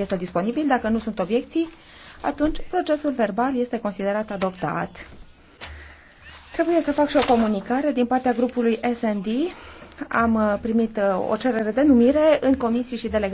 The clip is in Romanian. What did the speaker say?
este disponibil. Dacă nu sunt obiecții, atunci procesul verbal este considerat adoptat. Trebuie să fac și o comunicare din partea grupului SND. Am uh, primit uh, o cerere de numire în comisii și delegări.